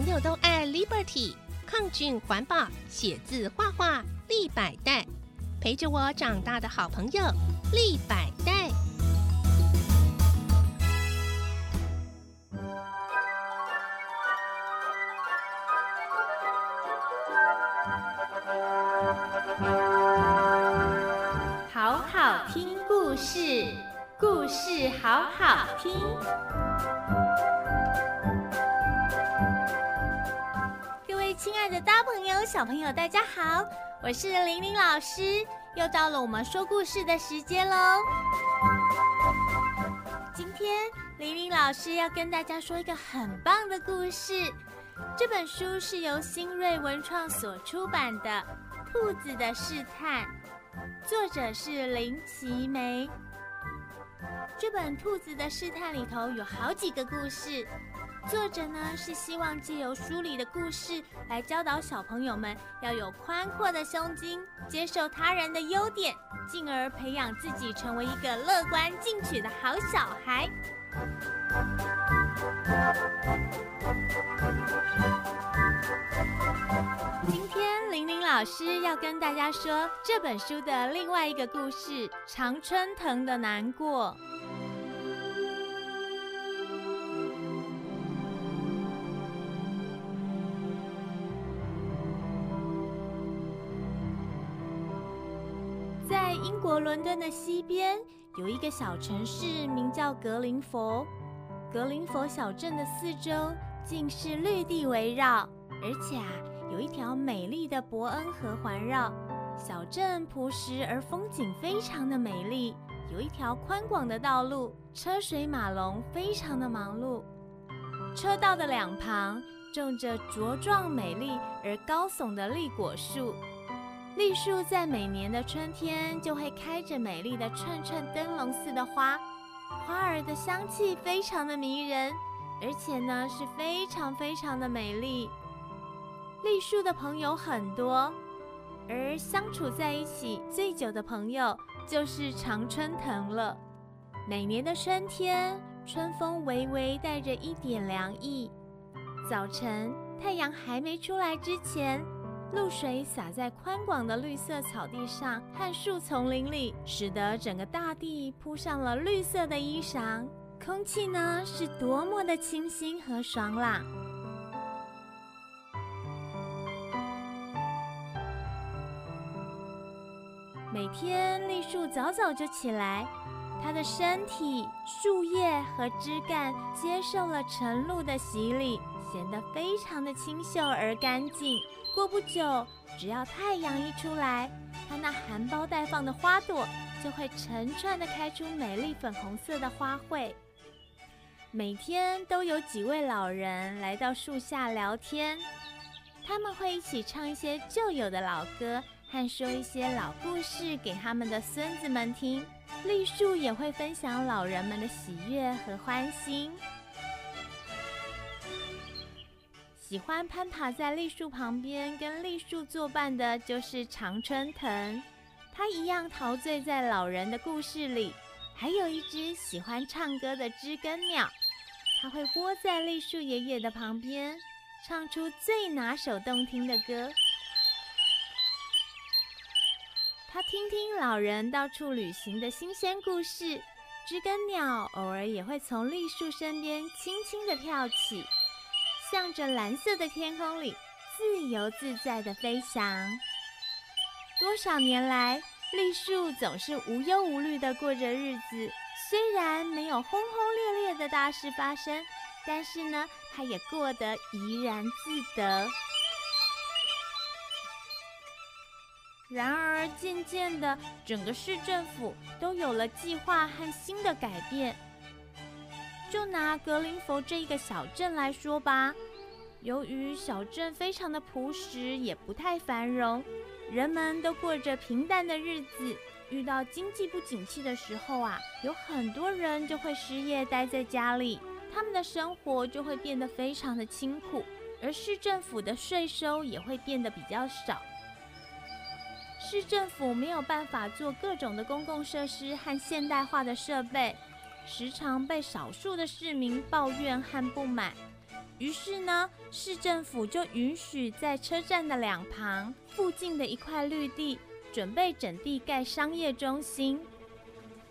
朋友都愛 Liberty，抗菌環保，寫字畫畫，立百代，陪着我長大的好朋友立百代。好好聽故事，故事好好聽。小朋友，大家好，我是玲玲老師，又到了我們說故事的時間嘍。今天玲玲老師要跟大家說一個很棒的故事，這本書是由新銳文創所出版的《兔子的試探》，作者是林奇梅。這本《兔子的試探》裡頭有好幾個故事。作者呢，是希望借由書裡的故事來教導小朋友們要有寬闊的胸襟，接受他人的優點，進而培養自己成為一個樂觀進取的好小孩。今天玲玲老師要跟大家說這本書的另外一個故事——常春藤的難過。英國倫敦的西邊有一個小城市，名叫格林佛。格林佛小鎮的四周盡是綠地圍繞，而且啊，有一條美麗的伯恩河環繞。小鎮樸實而風景非常的美麗，有一條寬廣的道路，車水馬龍，非常的忙碌。車道的兩旁種着茁壯美麗而高聳的栗果樹。栗樹在每年的春天就會開着美麗的串串燈籠似的花，花兒的香氣非常的迷人，而且呢，是非常非常的美麗。栗樹的朋友很多，而相處在一起最久的朋友就是常春藤了。每年的春天，春風微微帶着一點涼意，早晨太陽還沒出來之前，露水灑在寬廣的綠色草地上和樹叢林裡，使得整個大地鋪上了綠色的衣裳。空氣呢，是多麼的清新和爽朗！每天，栗樹早早就起來，它的身體、樹葉和枝幹接受了晨露的洗禮。顯得非常的清秀而乾淨。過不久，只要太陽一出來，它那含苞待放的花朵就會成串的開出美麗粉紅色的花卉。每天都有幾位老人來到樹下聊天，他們會一起唱一些舊有的老歌，和說一些老故事給他們的孫子們聽。栗樹也會分享老人們的喜悅和歡心。喜歡攀爬在栗樹旁邊，跟栗樹作伴的，就是常春藤。它一樣陶醉在老人的故事裡。還有一隻喜歡唱歌的知更鳥，它會窩在栗樹爺爺的旁邊，唱出最拿手動聽的歌。他聽聽老人到處旅行的新鮮故事。知更鳥偶爾也會從栗樹身邊輕輕的跳起。向着藍色的天空裡自由自在的飛翔。多少年來，栗樹總是無憂無慮的過着日子。雖然沒有轟轟烈烈的大事發生，但是呢，它也過得怡然自得。然而，漸漸的，整個市政府都有了計劃和新的改變。就拿格林佛這一個小鎮來說吧，由於小鎮非常的樸實，也不太繁榮，人們都過着平淡的日子。遇到經濟不景氣的時候啊，有很多人就會失業，待在家裡，他們的生活就會變得非常的清苦，而市政府的稅收也會變得比較少。市政府沒有辦法做各種的公共設施和現代化的設備。時常被少數的市民抱怨和不滿，於是呢，市政府就允許在車站的兩旁附近的一塊綠地，準備整地蓋商業中心。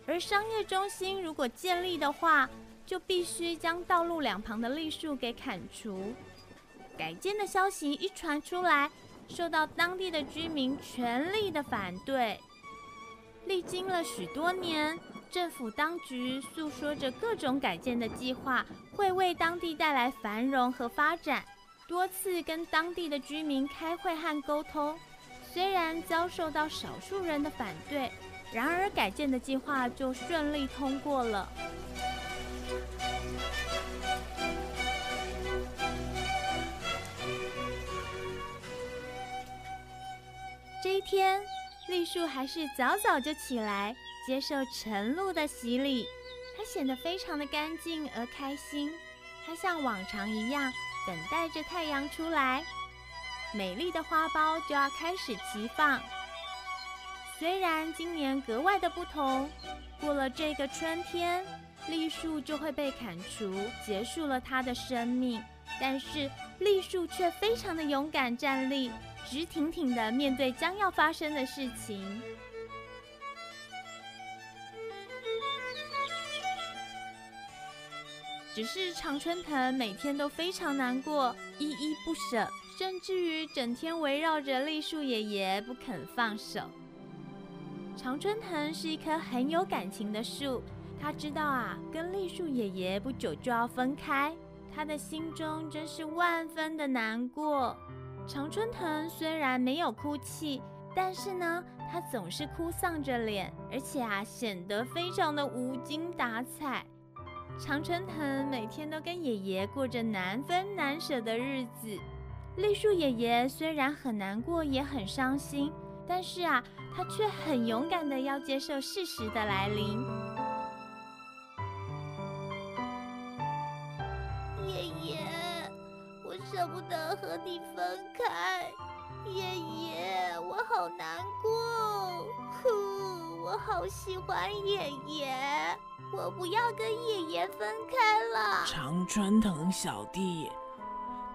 而商業中心如果建立的話，就必須將道路兩旁的栗樹給砍除。改建的消息一傳出來，受到當地的居民全力的反對。歷經了許多年。政府當局訴說着各種改建的計劃會為當地帶來繁榮和發展，多次跟當地的居民開會和溝通。雖然遭受到少數人的反對，然而改建的計劃就順利通過了。這一天，栗樹還是早早就起來。接受晨露的洗禮，它顯得非常的乾淨而開心。它像往常一樣等待着太陽出來，美麗的花苞就要開始齊放。雖然今年格外的不同，過了這個春天，栗樹就會被砍除，結束了他的生命。但是栗樹卻非常的勇敢，站立，直挺挺的面對將要發生的事情。只是常春藤每天都非常難過，依依不捨，甚至於整天圍繞着栗樹爺爺不肯放手。常春藤是一棵很有感情的樹，他知道啊，跟栗樹爺爺不久就要分開，他的心中真是萬分的難過。常春藤雖然沒有哭泣，但是呢，他總是哭喪着臉，而且啊，顯得非常的無精打采。常春藤每天都跟爺爺過着難分難舍的日子。栗樹爺爺雖然很難過，也很傷心，但是啊，他卻很勇敢地要接受事實的來臨。爺爺，我舍不得和你分開。爺爺，我好難過。呼，我好喜歡爺爺。我不要跟爺爺分開了。常春藤小弟，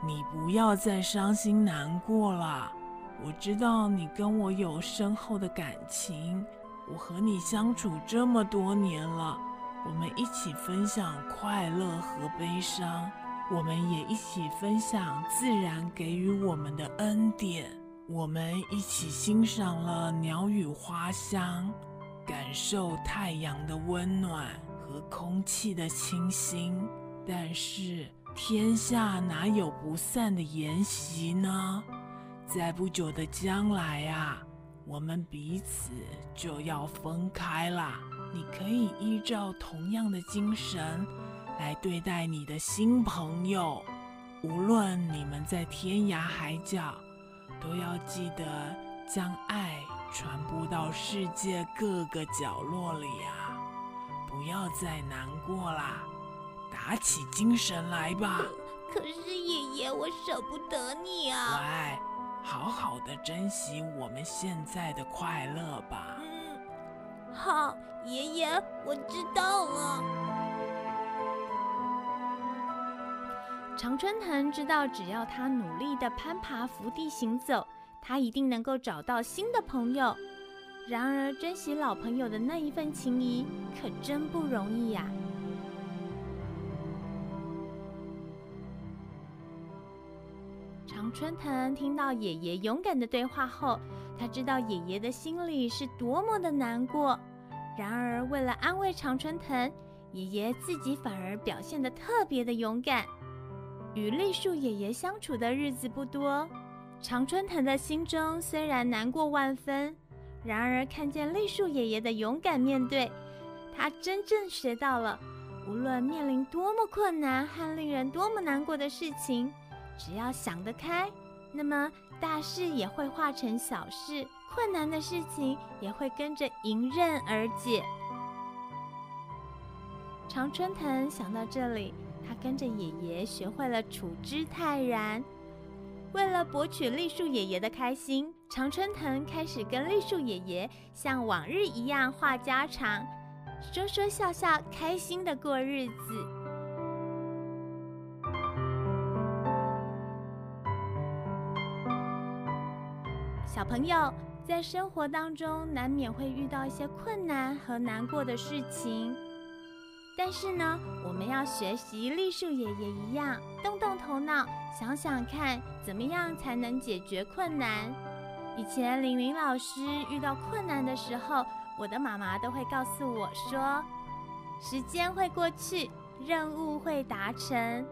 你不要再傷心難過了。我知道你跟我有深厚的感情，我和你相處這麼多年了，我們一起分享快樂和悲傷，我們也一起分享自然給予我們的恩典，我們一起欣賞了鳥語花香，感受太陽的溫暖和空氣的清新，但是天下哪有不散的筵席呢？在不久的將來啊，我們彼此就要分開了。你可以依照同樣的精神來對待你的新朋友，無論你們在天涯海角，都要記得將愛。傳播到世界各個角落裡啊！不要再難過啦，打起精神來吧。可是爺爺，我舍不得你啊！乖，好好的珍惜我們現在的快樂吧。嗯，好，爺爺，我知道了。常春藤知道，只要他努力的攀爬、伏地行走。他一定能夠找到新的朋友，然而珍惜老朋友的那一份情誼可真不容易呀。常春藤聽到爺爺勇敢的對話後，他知道爺爺的心裡是多麼的難過。然而，為了安慰常春藤，爺爺自己反而表現得特別的勇敢。與栗樹爺爺相處的日子不多。常春藤的心中雖然難過萬分，然而看見栗樹爺爺的勇敢面對，他真正學到了：無論面臨多麼困難和令人多麼難過的事情，只要想得開，那麼大事也會化成小事，困難的事情也會跟着迎刃而解。常春藤想到這裡，他跟着爺爺學會了處之泰然。為了博取栗樹爺爺的開心，常春藤開始跟栗樹爺爺像往日一樣話家常，說說笑笑，開心的過日子。小朋友在生活當中難免會遇到一些困難和難過的事情。但是呢，我們要學習栗樹爺爺一樣，動動頭腦，想想看，怎麼樣才能解決困難。以前玲玲老師遇到困難的時候，我的媽媽都會告訴我說：“時間會過去，任務會達成。”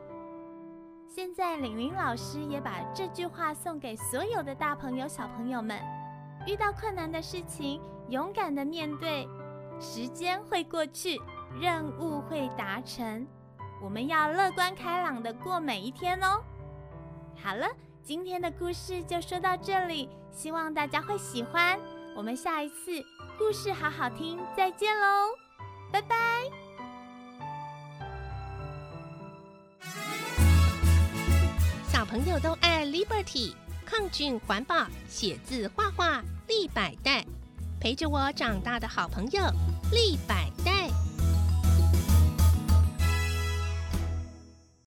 現在玲玲老師也把這句話送給所有的大朋友、小朋友們：遇到困難的事情，勇敢的面對，時間會過去。任務會達成，我們要樂觀開朗的過每一天哦。好了，今天的故事就說到這裡，希望大家會喜歡。我們下一次故事好好聽，再見嘍，拜拜。小朋友都愛 Liberty，抗菌環保，寫字畫畫，立百代，陪着我長大的好朋友，立百代。